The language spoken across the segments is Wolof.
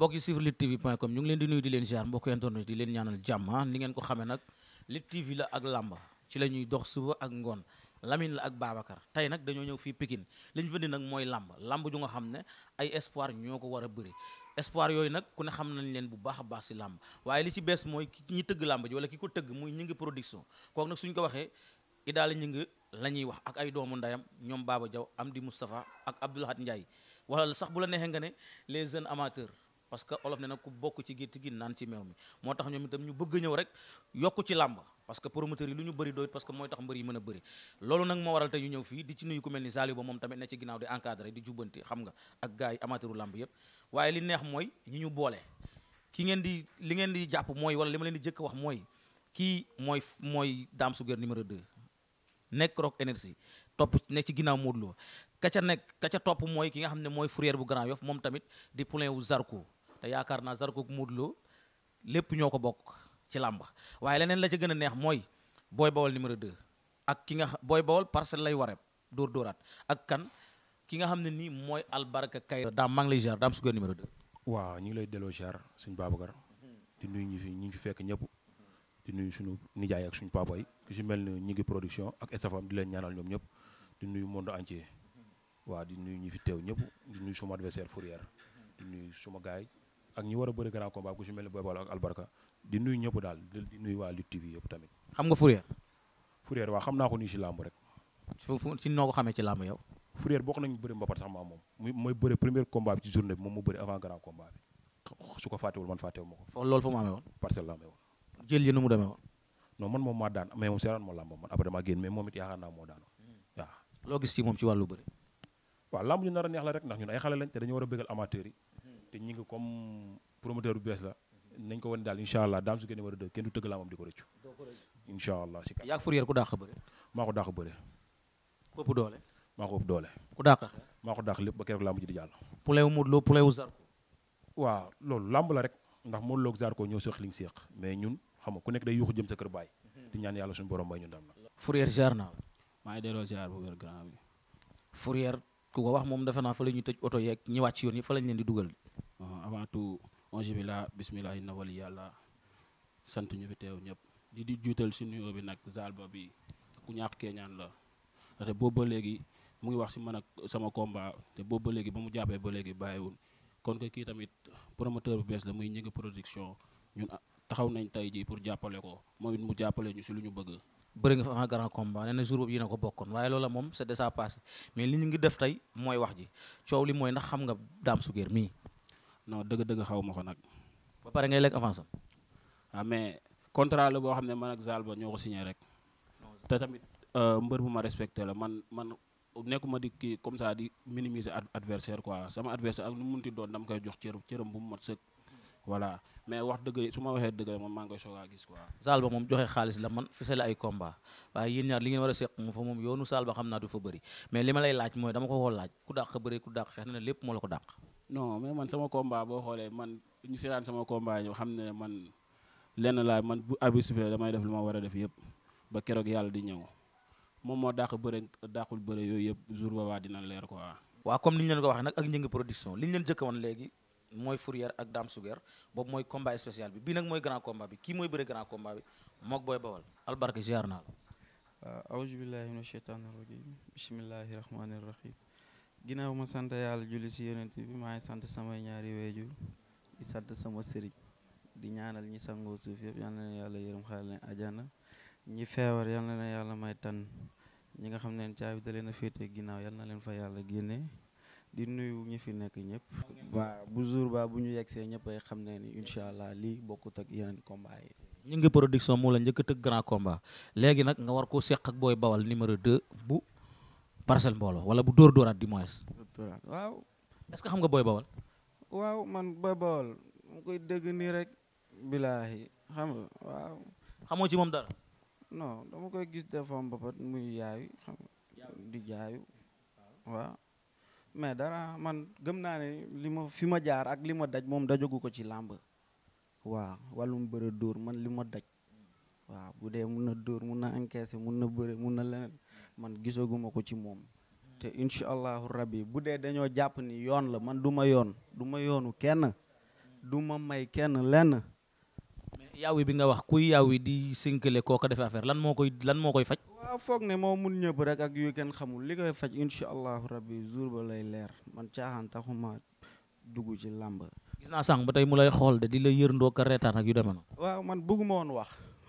mbokk yi suivre Lutte TV point com ñu ngi leen di nuyu di leen ziar mbokk internet di leen ñaanal jàmm ah. ni ngeen ko xamee nag Lutte TV la ak làmba ci la ñuy dox suba ak ngoon Lamine la ak Babacar tey nag dañoo ñëw fii pikin li ñu fëndi nag mooy làmb làmb ju nga xam ne ay espoir ñoo ko war a bëri espoir yooyu nag ku ne xam nañ leen bu baax a baax si làmb waaye li ci bees mooy ki ñi tëgg làmb ji wala ki ko tëgg muy ñu ngi production kooku nag suñ ko waxee idaala ñu ngi la ñuy ak ay doomu ndayam ñoom Baba Diaw Amdi Moustapha ak Abdoulahat Ndiaye wala sax bu la neexee nga ne les jeunes amateurs parce que olof ne na ku bokk ci gétt gi naan ci meew mi moo tax ñoom itam ñu bëgg ñëw rek yokk ci làmb parce que promoteurs yi lu ñu bëri doyut parce que mooy tax mbër yi mën a bëri loolu nag moo waral te ñu ñëw fii di ci nuyu ku mel ni Saliou ba moom tamit nga ak gars yi amateuru waaye li neex mooy ñi ñu boole ki ngeen di li ngeen di jàpp mooy wala li ma leen di jëkk wax mooy kii mooy mooy Dame Suguer numéro 2 nekk Rock Énergie topp ne ci ginnaaw Modou Lo ka ca nekk ka topp mooy ki nga xam ne mooy Fourrière bu Grand Yoff moom tamit di poulain wu Zarko te yaakaar naa Zarko Modou loo lépp ñoo ko bokk ci làmb waaye leneen la ca gën a neex mooy Boy Bawol numéro dë ak ki nga Boy Bawol parcelle lay wareb dóor dóoraat ak kan ki nga xam ne nii mooy albarka kay daam maa lay ziar daam su numéro 2. waaw ñu ngi lay delloo ziar sëñ Babacar di nuyu ñi fi ñi ngi fi fekk ñëpp di nuyu suñu nijaay ak suñ papa yi ku mel ni ñi ngi production ak estafam di leen ñaanal ñoom ñëpp di nuyu monde entier waaw di nuyu ñi fi ñëpp di nuyu suma adversaire Fourière di nuyu ak ñi war a bëri grand combat ku si mel ni Boy Bawol ak Albarka di nuyu ñëpp daal di nuyu waa Lutte TV yëpp tamit. xam nga Fourrière. Fourrière waa xam naa ko nii si làmb rek. fu fu si noo ko xamee ci làmb yow. Fourrière bokk nañu bëri mbapat sax maa moom muy mooy bëri premier combat bi ci journée bi moom mu bëri avant grand combat bi su ko fàttewul man fàttewu ma ko. foofu loolu fu mu amee woon. parcelle la amee woon. jël yi nu mu demee woon. non man moom maa daan mais moom seeraan moo làmb man après damaa génn mais moom it yaakaar naa moo daanoon waaw. Hmm. loo gis ci moom ci wàllu bëri. waaw làmb ñu nar a neex la rek ndax ñun ay xale lañ te dañu war a bëggal amateur yi te ñi ngi comme promoteur bu bees la nañ ko wane daal incha allah daam su gën war a dëgg kenn du tëgg laa moom di ko rëccu incha allah si yaa Fourrière ku dàq bëre maa ko dàq bëre ku ëpp doole maa ko ëpp doole ku dàq maa ko dàq lépp ba keroog laa mujj di jàll poulet wu loolu làmb la rek ndax Modou Lo ak Zarko ñoo seq li ñu seq mais ñun xam nga ku nekk day yuuxu jëm sa kër baay di ñaan yàlla suñu borom may ñun daam la Fourrière jaar naa la maa ngi delloo jaar bu wér grand bi Fourrière ku ko wax moom defe fa la tëj oto yeeg ñëwaat ci yoon yi fa lañ leen di dugal Euh, avant tout onge bi la bisimilah na yàlla sant ñu fi teew ñëpp di di juutal si nuyoo bi nag zalba bi ku ñaax keeñaan la te boobu ba léegi mu ngi wax si man ak sama combat te boobu ba léegi ba mu jàppee ba léegi bàyyiwul kon que kii tamit promoteur bu bees la muy ñi ngi production ñun ah, taxaw nañ tey jii pour jàppale ko moom it mu jàppale ñu si lu ñu bëgg. bëri nga fa avant grand combat nee na jour boobu yéen a ko bokkoon waaye loola moom c'est déjà passé mais li ñu ngi def tey mooy wax ji coow li mooy ndax xam nga Dame Souguer mii. non dëgg-dëgg xaw ko nag. ba pare ngay lekk avance am. waaw ah, mais contrat la boo xam ne man ak Zalba ñoo ko signé rek. te tamit euh, mbër bu ma respecté la man man nekkuma di kii comme ça di minimiser adversaire quoi sama adversaire ak nu mu munti doon dama koy jox cër bu mu mat sëkk. voilà mais wax dëgg su ma waxee dëgg moom maa ngi koy soog a gis quoi. Zalba moom joxe xaalis la man fi la ay combat waaye yéen ñaar li ngeen war a seq fa moom yoonu Zalba xam naa du fa bëri mais li ma lay laaj mooy dama ko ko laaj ku dàq bëri ku dàq xeex na lépp moo la ko dàq. non mais man sama combat boo xoolee man ñu seetaan sama combat ñu xam ne man lenn laa man bu abi sufle damay def lu ma war a def yëpp ba keroog yàlla di ñëw moom moo dàq bëre dàqul bëre yooyu yëpp jour boobaa dina leer quoi. waaw comme li ñu leen ko waxee nag ak njëngi production li ñu leen jëkk woon léegi mooy Fourrière ak Dame Suger boobu mooy combat spécial bi bii nag mooy grand combat bi kii mooy bëre grand combat bi mook booy bawal albarka naa la. waaw euh, aouzu billahi mina sheytaani ginnaaw ma sant yàlla julli si yonent bi maa sant samay ñaari weeju di sant sama sëriñ di ñaanal ñi sangoo suuf yëpp yal na leen yàlla ñi feebar yal na leen yàlla may tan ñi nga xam ne caabi da leen a féete ginnaaw yal na leen fa yàlla génne di nuyu ñi fi nekk ñëpp. waa bu jour baa bu ñu yegsee ñëpp ay xam ne ni incha allah lii bokkut ak yeneen combat yi. ñu ngi production moo la njëkk a tëgg grand combat léegi nag nga war koo seq ak booy bawal numéro 2 bu. parcelle mbooloo wala bu dóor dóoraat du moins. waaw. est-ce que xam nga booy bawal. waaw man booy bawal mu koy dégg nii rek. bilaahi xam nga waaw. xamoo ci moom dara. non dama koy gis des fois mbapat muy yaayu xam di jaayu waaw. mais dara man gëm naa ne lima fi ma jaar ak li ma daj moom dajagu ko ci làmb waaw wàllum bëre dóor man li daj waaw bu dee mun na dóor mun na encaisser mun na bëre mun na leneen man gisaguma ko ci moom te incha allahu rabbi bu dee dañoo jàpp ni yoon la man du ma yoon du ma yoonu kenn du ma may kenn lenn yaawi bi nga wax kuy yaawi di sinkale koo ko defee affaire lan moo koy lan moo koy faj waaw foog ne moo mun ñëpp rek ak yu kenn xamul li koy faj incha allahu rabbi jour ba lay leer man caaxaan taxuma dugg ci làmb gis naa sànq ba tey mu lay xool de di la yër ndoo ka reetaan ak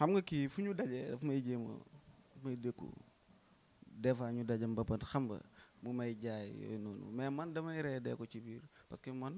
xam nga kii fu ñu dajee daf may jéem a may dékku des fois ñu daje mbapat xam nga mu may jaay yooyu noonu mais man damay ree dee ko ci biir parce que man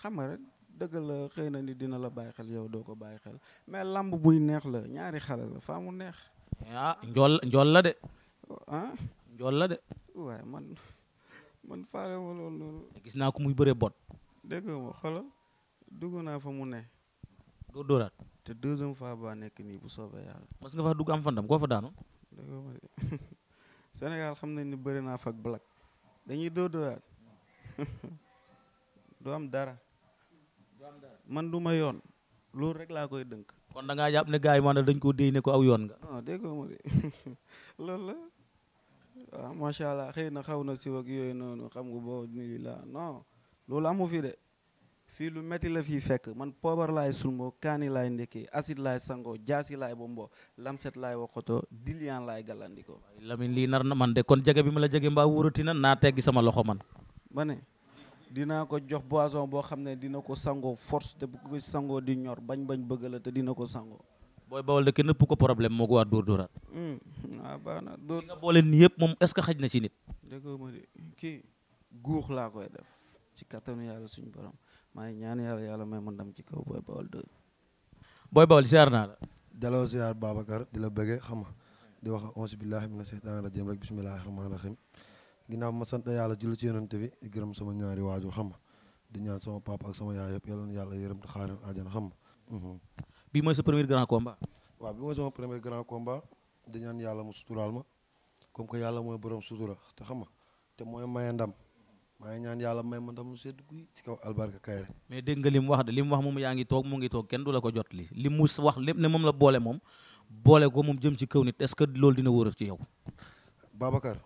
xam nga rek dëgg la xëy na ni dina la bàyyi xel yow doo ko bàyyi xel mais làmb buy neex la ñaari xale la faa mu neex. Ah, njool njool la de. njool la de. waaye man man faale loolu noonu. gis naa ko muy bëree bot. dégg ma xoolal dugg naa fa mu ne. doo dóoraat. te deuxième fois ba nekk nii bu soobee yàlla. mas nga fa dugg am fandam koo fa Sénégal xam nañ ni bëri naa fa ak dañuy dóodóoraat du am dara man du ma yoon loolu rek laa koy dënk. kon da jàpp ne gars yi maanaam dañ koo déy ko aw yoon nga. la waaw macha allah xëy na xaw na si ak yooyu noonu xam nga boo nii la non loolu amu fi de. fii lu métti la fii fekk man poobar laay sulmoo kaani laay ndekkee acide laay sangoo jaasi laay bomboo lamset laay waxotoo dilian laay gàllandikoo lamin lii nar na man de kon jege bi ma la jege mbaa wóorati na naa teggi sama loxo man ma ne dinaa ko jox boisson boo xam ne dina ko sangoo force te bu ko sangoo di ñor bañ bañ bëgg la te dina ko sangoo booy bawal dëkk nëpp ko problème moo ko waa dóor dóoraat waaw hmm, ah, baax na dóor nii yëpp moom est-ce que xaj na ci nit déggoo kii guux laa koy def ci kattanu yàlla suñu borom maa ñaan yàlla yàlla may ma ndam ci kaw Boy Baol 2. Boy Baol ziar naa la. daloo ziar Babacar di la bëggee xam nga di wax auzu billaahi mina seytaani rajiim rek bismillaahi rahmaani rahiim ginnaaw ma sant yàlla julli ci yonent bi di gërëm sama ñaari waajur xam nga di ñaan sama papa ak sama yaay yëpp yal na yàlla yërëm te xaaral àjjana xam nga. Mhm. bii mooy sa premier grand combat. waaw bii mooy sama premier grand combat di ñaan yàlla mu suturaal ma comme que yàlla mooy borom sutura te xam nga te mooy maye maa ngi ñaan yàlla may ma ndam mu sedd guy ci kaw albarka kayre mais dégg nga li mu wax de li mu wax moom yaa ngi toog mu ngi toog kenn du la ko jot li li mu wax lépp ne moom la boole moom boole ko moom jëm ci kaw nit est-ce que loolu dina wóoral ci yow Babacar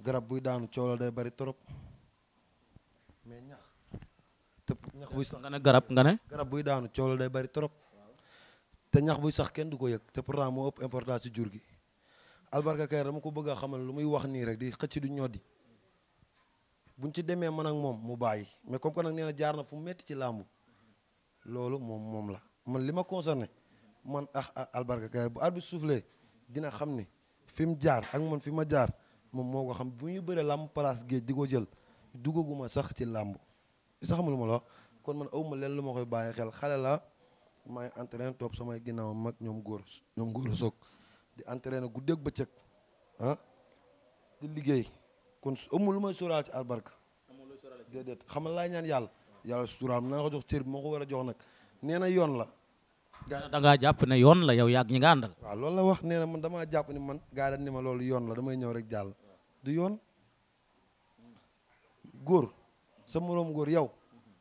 garab buy daanu coow day bari trop mais ñax te ñax buy sax nga ne garab nga ne garab buy daanu coow day bari trop te ñax buy sax kenn du ko yëg te pourtant moo ëpp importance ci jur gi albarka kayre dama ko bëgg a xamal lu muy wax nii rek di xëcc du ñoddi bu buñ ci demee man ak moom mu bàyyi mais comme que nag nee na jaar na fu metti ci làmb loolu moom moom la man li ma concerné man ah, ah albarka kay bu at bi soufflé dina xam ni fi mu jaar ak man fi ma jaar moom moo ko xam bu ñuy bëree làmb place géej di ko jël duggaguma sax ci làmb sax xamul ma la kon man awma leen lu ma koy bàyyi xel xale la may entraîné topp samay ginnaaw mag ñoom góor ñoom soog di entraîné guddeeg bëccëg ah di liggéey kon amul lu may sóoraal ci albarka déedéet xamal laay ñaan yàlla yàlla suturaam naa ko jox cër bi moo ko war a jox nag nee na yoon la da ngaa jàpp ne yoon la yow yàgg ñi àndal waaw loolu la wax nee na man damaa jàpp ni man gaa dañ ni yoon la damay ñëw rek jàll du yoon góor sa moroom góor yow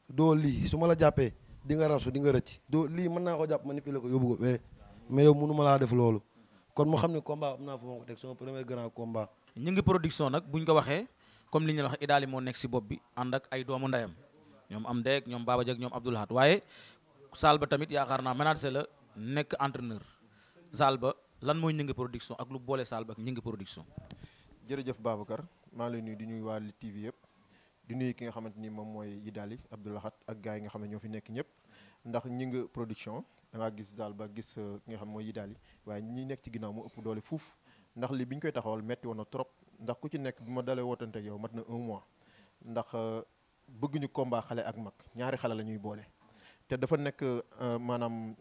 doo lii su ma la jàppee di nga rasu di nga rëcc doo lii mën naa ko jàpp manipuler ko yóbbu ko mais yow mënu ma laa def loolu kon mu xam ne combat am naa fu ma ko teg sama premier grand combat ñu ngi production nag buñ ko waxee comme li ñu wax Idaly moo nekk si bopp bi ànd ak ay doomu ndayam ñoom am deeg ñoom Baba Diak ñoom Abdoul Ahad waaye Saal ba tamit yaakaar naa menacé la nekk entraîneur Saal ba lan mooy ñu ngi production ak lu boole Saal ak ñu ngi production. jërëjëf Babacar maa ngi lay nuyu di nuyu waa Lutte TV yëpp di nuyu ki nga xamante ni moom mooy Idaly Abdoul Ahad ak gars yi nga xam ne ñoo fi nekk ñëpp ndax ñi ngi production da gis Saal ba gis euh, ki nga xam mooy Idaly waaye ñi nekk ci ginnaaw moo ëpp doole fuuf. ndax lii bi ñu koy taxawal metti woon na trop ndax ku ci nekk bi ma dalee wootante ak mat na un mois ndax euh, bëgguñu combat xale ak mag ñaari xale la ñuy boole. te dafa nekk euh, maanaam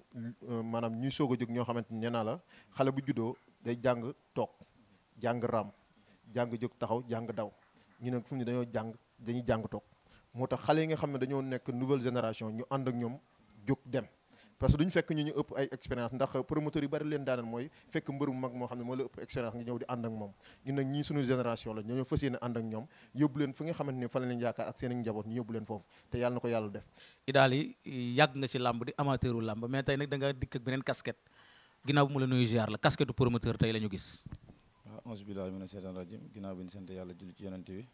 euh, maanaam ñuy soog a jóg ñoo xamante ne nee naa la xale bu juddoo day jàng toog jàng raam jàng jóg taxaw jàng daw ñu ne fu mu dañoo jàng dañuy jàng toog moo tax xale yi nga xam ne dañoo nekk nouvelle génération ñu ànd ak ñoom jóg dem. parce que duñu fekk ñu ñu ëpp ay expérience ndax promoteur yu bari leen daaneel mooy fekk mbër mu mag moo xam ne moo la ëpp expérience nga ñëw di ànd ak moom ñun nag ñii suñu génération la ñoo fas yéene ànd ak ñoom yóbbu leen foofu te yàlla na ko yàlla def idaal yi yàgg nga ci làmb di amateuru làmb mais tey nag da nga dikk ak beneen casquette ginnaaw bu mu la nuyu ziar la casquette promoteur tey la ñu gis waaw ah, onze billahi mina seytaan rajim ginnaaw bi ñu sant yàlla julli ci yonente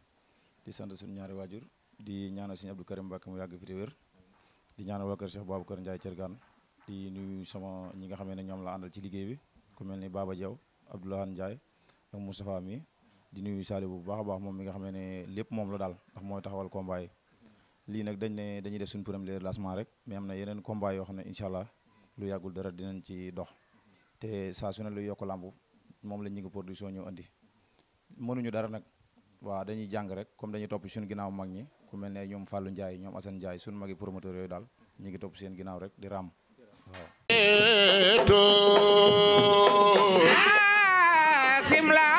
di nuyu sama ñi nga xamee ne ñoom la àndal ci liggéey bi ku mel ni Baba Diaw Abdoulahan Ndiaye ak Moustapha mi di nuyu Saliou bu baax a baax moom mi nga xamee ne lépp moom la daal ndax mooy taxawal combat yi lii nag dañ ne dañuy def suñu la lancement rek mais am na yeneen combat yoo xam ne incha allah lu yàggul dara dinañ ci dox te saa su ne luy yokk làmb moom la ñu ngi production ñëw andi mënuñu dara nag waaw dañuy jàng rek comme dañuy topp suñu ginnaaw mag ñi ku mel ne ñoom Fallou Ndiaye ñoom Assane Ndiaye suñu magi promoteur yooyu daal ñu ngi topp seen ginnaaw rek di raam to ah, simla